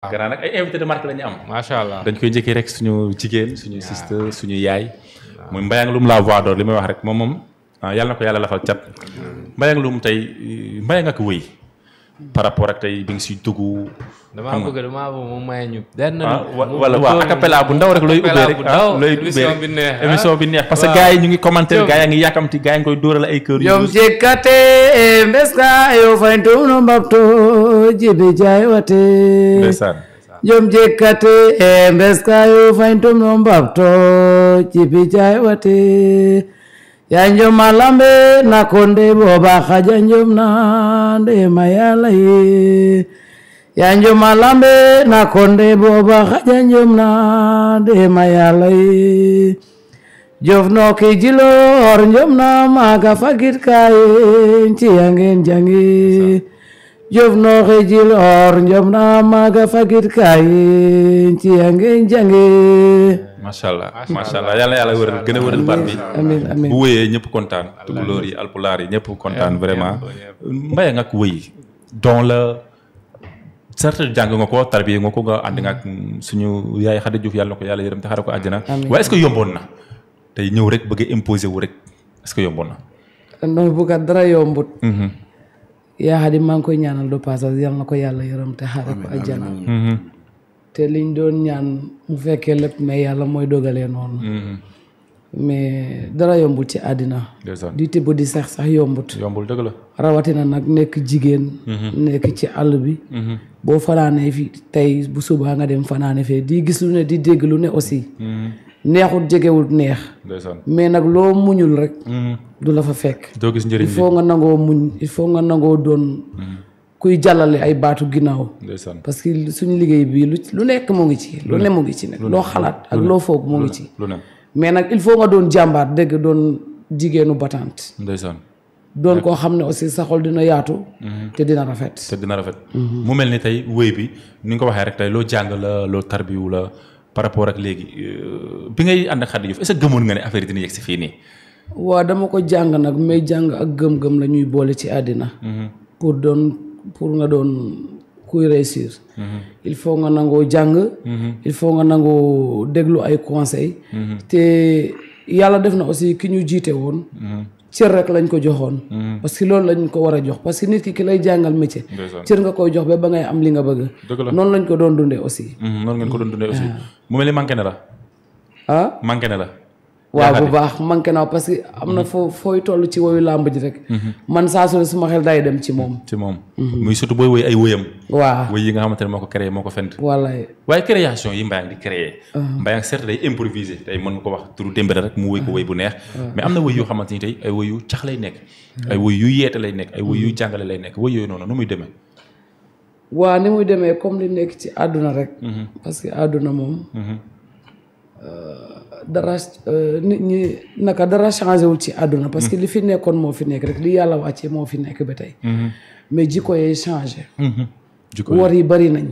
Ah. gannaaw nag ay invité de la ñu am. macha allah dañ koy njëkkee rek suñu jigéen suñu sister suñu yaay. muy Mbayang Loum la voix d'or li may wax rek moom moom ah, yàlla na ko yàlla lafal cat. Mbayang Loum tey Mbayang ak wëy. par rapport ak tey bi nga siy dugg. Ah, bu ndaw rek looy ubbee rek ah, looy ubbee ah. émission bi neex parce que gars yi ñu ngi commentaire gars yi ngi yàkkamti gars yi ngi koy dóoral ay kër. yom jekkate mbeska yo fay ndono mbapto jibe jaay wate. ndeysaan. yom jekkate jaay wate. yanjom malambe nakonde bobaha janjom nande mayalaye yanjom malambe nakonde bobaha janjom nande mayalaye jofnoki jilor jomna maga fagit kaye ciyangen jangi jëf noo xejil or njom naa maaga fagit kaay ci yaa ngi jànge allah macha allah yàlla yàlla wëral gën a wëral baat bu wëyee ñëpp kontaan tukulóor yi alpulaar yi ñëpp kontaan vraiment mbaye nga ak wëy don la certes jàng nga ko tarbiye nga ko nga ànd nga suñu yaay Xadi Juuf yàlla na ko yàlla yërëm te xaaral ko àjjana waaye est-ce yomboon na tey ñëw rek bëgg a wu rek est-ce que yomboon na non bu dara yombut mm-hmm. yaa xadi maa ngi koy ñaanal do passage yal na ko yàlla yërëm te xaare ko ajjana mm-hmm. te liñ doon ñaan mu fekkee lépp mais yàlla mooy dogalee noonu mm-hmm. mais dara yombul ci àddina di tibb di sax sax yombut yombul dëgg la rawatina nag nekk jigéen mm-hmm. nekk ci àll bi boo fanaanee fi tey bu subaa nga dem fanaane fee di gis ne di dégg ne aussi neexut jegewul neex. mais nag loo muñul rek. Mm-hmm. du la fa fekk. doo gis njëriñ il nga nangoo muñ il faut nga nangoo doon. Mm-hmm. kuy jàllale ay baatu ginnaaw. parce que suñu liggéey bii lu lu nekk moo ngi ci. lu ne moo ngi ci nag loo xalaat ak loo foog moo ngi ci. mais nag il faut nga doon jàmbaar dëgg doon jigéenu battante. ndeysaan. doon koo xam ne aussi sa xol dina yaatu. Mm-hmm. te dina rafet. te dina rafet. mu mel ni tey wéy bi ni nga ko waxee rek tey loo jàng la loo tarbiwu la. par rapport ak léegi euh, bi ngay ànd ak Khady Diouf est-ce que gëmoon nga ne affaire yi dina yegg si fii nii. waaw dama ko jàng nag may jàng ak gëm-gëm la ñuy boole ci àddina. Mm-hmm. pour doon pour nga doon kuy réussir. Mm-hmm. il faut nga nangoo jàng. Mm-hmm. il faut nga nangoo déglu ay conseils. te yàlla def na aussi ki ñu jiite woon. cër rek lañ ko joxoon. Mm-hmm. parce que loolu lañ ko war a jox parce que nit ki ki lay jàngal métier. cër nga koy jox ba ba ngay am li nga bëgg. dëgg la noonu lañ ko doon dundee aussi. Mm-hmm, noonu ngeen ko doon dundee aussi ah. mu mel ni manqué na la. ah la. waaw bu baax manqué naa parce que am na mhm. foo fooy toll ci woyu làmb ji rek. Mhm. man saa su ne suma xel day dem ci moom. ci moom. Mhm. muy surtout booy woy ay woyam. waaw woy yi nga xamante ne moo ko créé moo ko fent. wallaay waaye création yi Mbayang di créé. Ah. Mbayang certes day improvisé tey mën nga ko wax turu Dembélé rek mu woy ah. woy bu neex. Ah. mais am na woy yoo xamante ni tey ay woy lay nekk. ay woy yu yeete lay nekk ay woy yu jàngale lay nekk woy yooyu noonu nu muy demee. waa ni muy demee comme li nekk ci àdduna rek. parce que àdduna moom. Euh, dara euh, nit ñi naka dara changé wul ci àdduna. parce que mm-hmm. li fi nekkoon moo fi nekk rek li yàlla wàccee moo fi nekk ba tey. Mm-hmm. mais jikko yee changé. Mm-hmm. jikko war yi bari nañ.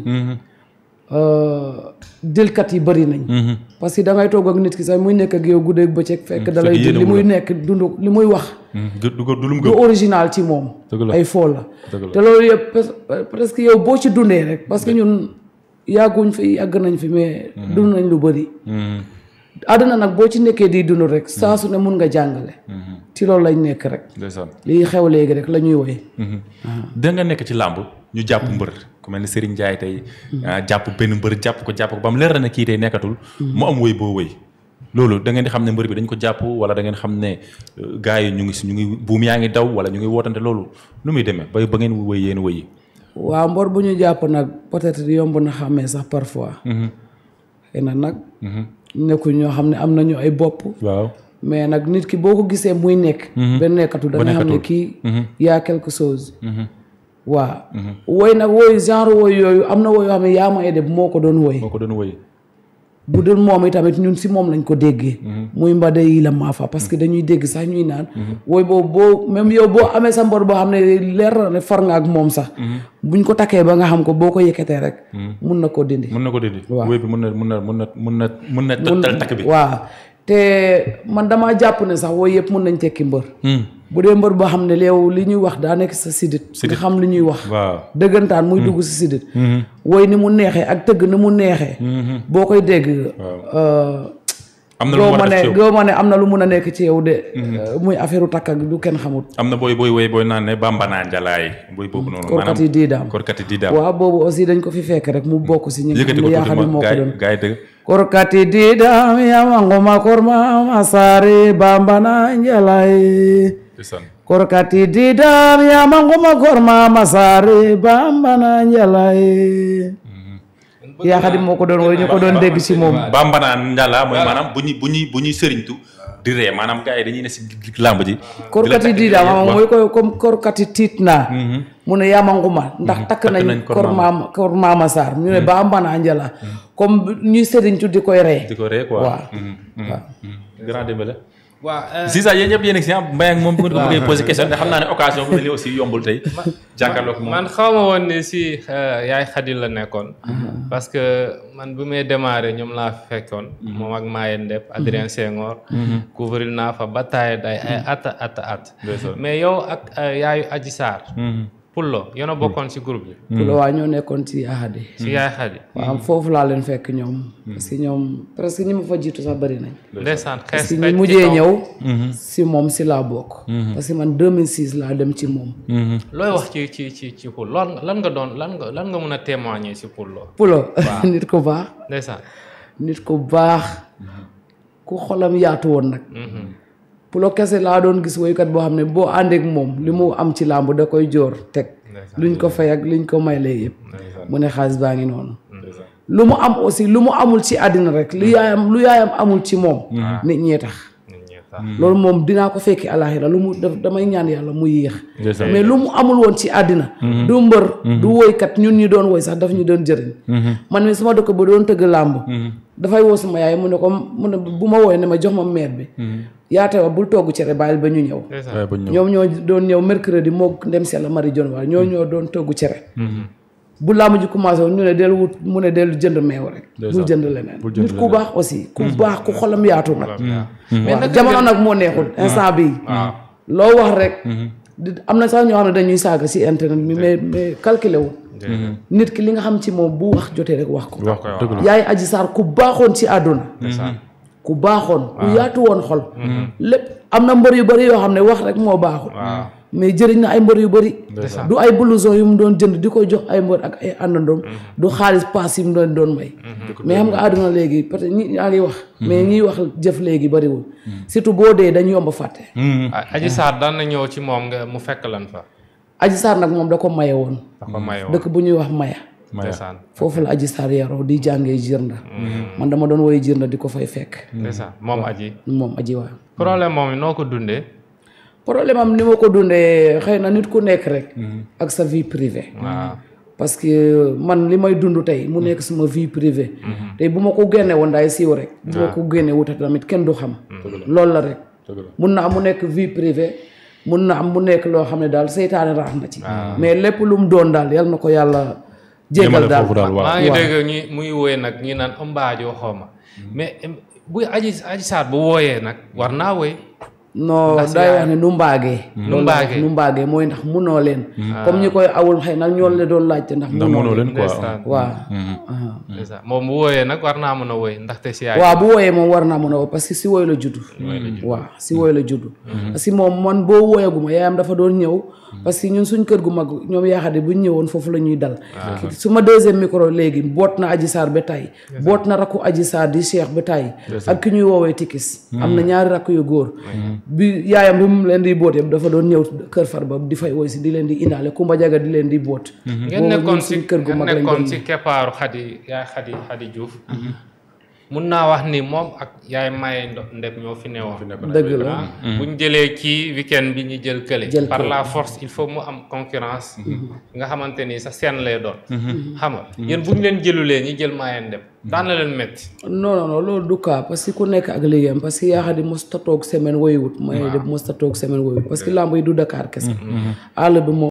dëlkat euh, yi bari nañ. parce que da ngay toog ak nit ki sax muy nekk ak yow guddeeg bëccëg. fekk da lay li muy nekk dund li muy wax. du original ci moom. ay fool la. te loolu yëpp presque yow boo ci dundee rek. parce que ñun yàgguñ fi yàgg nañ fi mais. dund nañ lu bari. àdduna nag boo ci nekkee di dund rek saa su ne mun nga jàngale. Mm-hmm. ci loolu lañ nekk rek. ndeysaan lii xew léegi rek la ñuy woy. Mm-hmm. Ah. da nga nekk ci làmb ñu jàpp mm-hmm. mbër ku mel ni Serigne Ndiaye tey. Ah, jàpp benn mbër jàpp ko jàpp ko ba mu leer na kii tey nekkatul. mu am woy boo woy loolu da ngeen di xam ne mbër bi dañ ko jàpp wala da ngeen xam ne euh, gars yi ñu ngi si ñu ngi buum yaa ngi daw wala ñu ngi wootante loolu nu muy demee ba ba ngeen woy yéen woy yi. waaw mbor bu ñu jàpp nag peut-être yomb na xàmmee sax parfois. xëy na nag. nekkul ñoo xam ne am nañu ay bopp. waaw mais nag nit ki boo ko gisee muy nekk. Mhm. benn nekkatul da nga xam ne kii. Mhm. yaa quelque chose. Mhm. waaw. woy nag woy genre woy yooyu am na woy yoo xam ne yaa ma aidé moo ko doon woy. moo ko doon woy. bu dul moom itamit ñun si moom lañ ko déggee. Mhm. muy mbada yi la maafa parce que mhm. dañuy dégg sax ñuy naan. Mhm. wooy boobu boo même yow boo amee sa mbor boo xam ne leer na ne far nga ak moom sax. buñ ko takkee ba nga xam ko boo ko yëkkatee rek. mun na ko dindi. mun na ko dindi waaw bi mun na mun na mun na na mun na tëttal takk bi. waaw te man damaa jàpp ne sax wooy yëpp mun nañ tekki mbër. Hmm. bu dee mbër boo xam ne léew li ñuy wax daa nekk sa sidit nga xam li ñuy wax dëggantaan muy hmm. dugg si sidit hmm. woy ni mu neexee ak tëgg ni mu neexee hmm. boo koy dégg am na goo ma ne am na lu mun a nekk ci yow de. Mhm. Euh, muy affaire takk ak du kenn xamut. am na booy booy woy booy naan ne bambanaa njalaay. korkati diidaam korkati diidaam. waaw boobu aussi dañ fekk rek mu bokk si. ñi nga njalaay. yaa xadim moo ko doon woy ñu ko doon dégg si moom bambanaan njàlla mooy maanaam bu ñuy bu ñuy bu ñuy sëriñtu di ree maanaam gars yi dañuy ne si làmb ji korkati diida maanaam mooy koy comme korkati tiit naa mhm. mu ne yamanguma mhm. ndax takk nañ kor maam kor maama Sarr ñu ne mhm. bambanaa njala comme ñuy sëriñtu di koy ree di ko waaw euh, Ziza yéen ñëpp yéen a ngi si ah moom bu nga bëggee posé question ndax xam naa ne occasion bu mel nii aussi yombul tey. man xaw ma woon ni si euh, yaay Xadi la nekkoon. Mm-hmm. parce que man bu may démarré ñoom laa fekkoon. Mm-hmm. moom ak Maye Ndep Adrien mm-hmm. Senghor. couvrir naa fa bataille day at at at. mais yow ak euh, yaayu Adji Pullo yéen a bokkoon si mm. groupe bi. Mm. Pullo waa ñoo nekkoon si Yaay Xadi. si Yaay Xadi. Mm. waaw foofu laa leen fekk ñoom. parce que ñoom presque ñi ma fa jiitu sax bëri nañ. ndeysaan xees ñi mujjee ñëw. si mm-hmm. moom mm-hmm. si laa dem ci moom. Mm-hmm. looy wax ci ci ci ci Pullo lan nga doon lan nga lan a témoigner si Pullo. Pullo nit ku baax. nit ku baax. ku xolam yaatu woon nag. pulo kese laa doon gis woykat boo xam ne boo àndeek moom li mu am ci làmb da koy joor teg lu luñ ko fay ak liñ ko may léegi yëpp mu ne xaalis baa ngi noonu lu mu am aussi lu mu amul ci àddina rek lu yaayam lu yaayam amul ci moom mm. loolu moom dinaa ko fekki alaxira lu mu def damay ñaan yàlla mu yéex mais lu mu amul woon ci àddina mm-hmm. du mbër du mm-hmm. woykat ñun ñu doon woy sax daf ñu doon jëriñ mm-hmm. man mi sama dëkk ba doon tëgg làmb dafay woo sama yaay mu ne ko bu ma wooyee ne ma jox ma maire bi. Mhm. yaa teewa bul togg cere bàyyil ba ñu ñëw. ñoom ñoo doon ñëw mercredi moo dem Sella Marie Dione waa ñoo mhm. ñoo doon togg cere. Mhm. bu laamu ji commencé woon ñu ne del mu ne del jënd meew rek. bul jënd leneen nit ku baax aussi. ku baax ku xolam yaatu nag. mais jamono nag moo neexul instant bii. loo wax rek. di am na saa ñoo xam ne dañuy saaga si internet bi mais mais calculé wu. Mhm. nit ki li nga xam ci moom bu wax jotee rek wax ko. wax ko yaay aji saar ku baaxoon ci àdduna. Mhm. ku baaxoon ku yaatu woon xol. Mhm. lépp am na mbër yu bëri yoo xam ne wax rek moo baaxul. mais jëriñ na ay mbër yu bëri du ay blouson yu mu doon jënd di ko jox ay mbër ak ay àndandoom mhm. du xaalis paas yu mu doon doon may mhm. mais xam nga àdduna léegi peut être ñi yaa wax mhm. mais ñiy wax jëf léegi bariwul surtout boo dee dañ yomb fàtte Adji Sarr daan ñëw ci moom nga mu fekk lan fa Adji Sarr nag moom da ko maye woon dëkk bu ñuy wax maya foofu la Adji Sarr yaroo di jàngee nda man dama doon woy jirnda di ko fay fekk moom aji moom aji waaw problème moom noo ko dundee problème am ni ma ko dundee xëy na nit ku nekk rek. Mhm. ak sa vie privée. waaw parce que euh, man li may dund tey mu nekk suma vie privée. Mhm. tey bu ma ko génnee woon daay siiw rek. bu ma ko génne wuute tamit kenn du xam. loolu la rek. mun na am mu nekk vie privée mun na am mu nekk loo xam ne daal seytaane rax na ci. Ah. mais lépp lu mu doon daal yal na ko yàlla. jégal daal maa ngi dégg ñi muy wooye nag ñi naan ëmbaajoo xaw ma mhm. mais bu aji aji saat bu wooyee nag war naa wooy non day wax ne nu mbaagee loolu mm. nu mbaagee mooy ndax munoo leen mm. comme ñi koy awul xëy nag ñoo la doon laajte ndax munoo leen quoi waaw mm. moom bu wooyee nag war naa mën a woy ndaxte si waaw bu wooyee moom war naa mën a woy parce que si woy la juddu waaw si woy la juddu mm-hmm. parce moom man boo wooyaguma yaayam dafa doon ñëw parce que ñun suñ kër gu mag ñoom yaakaar ne bu ñu ñëwoon foofu la ñuy dal ah. su ma deuxième micro léegi boot na Adji Sarr ba tey boot na rakku Adji Sarr di Cheikh ba tey ak ki ñuy woowee tikis am na ñaari rakk yu góor bi yaayam bi mu leen di booteem dafa doon ñëw kër Farba di fay woy di leen di indaale Kumba Jaga di leen di boot. Mhm. ngeen nekkoon si kër gu mag lañ nekkoon si keppaaru Xadi yaay Xadi Xadi Diouf. Mhm. mun naa wax ni moom ak yaay maye ndeb ñoo fi newoon. dëgg la ah, mm. bu ñu jëlee kii weekend bi ñu jël kële. par la force il faut mu am concurrence. Mm-hmm. Mm-hmm. nga xamante ni sa seen lay doon. Mm-hmm. xam nga yéen bu ñu leen jëlulee ñu jël maye ndeb daan na leen métti. non non non loolu du cas parce ku nekk ak liggéeyam parce que yaa xam ne toog semaine woyuwut. waaw mooy mosut a toog semaine woyuwut parce que lamb yi du Dakar kese. àll bi moom.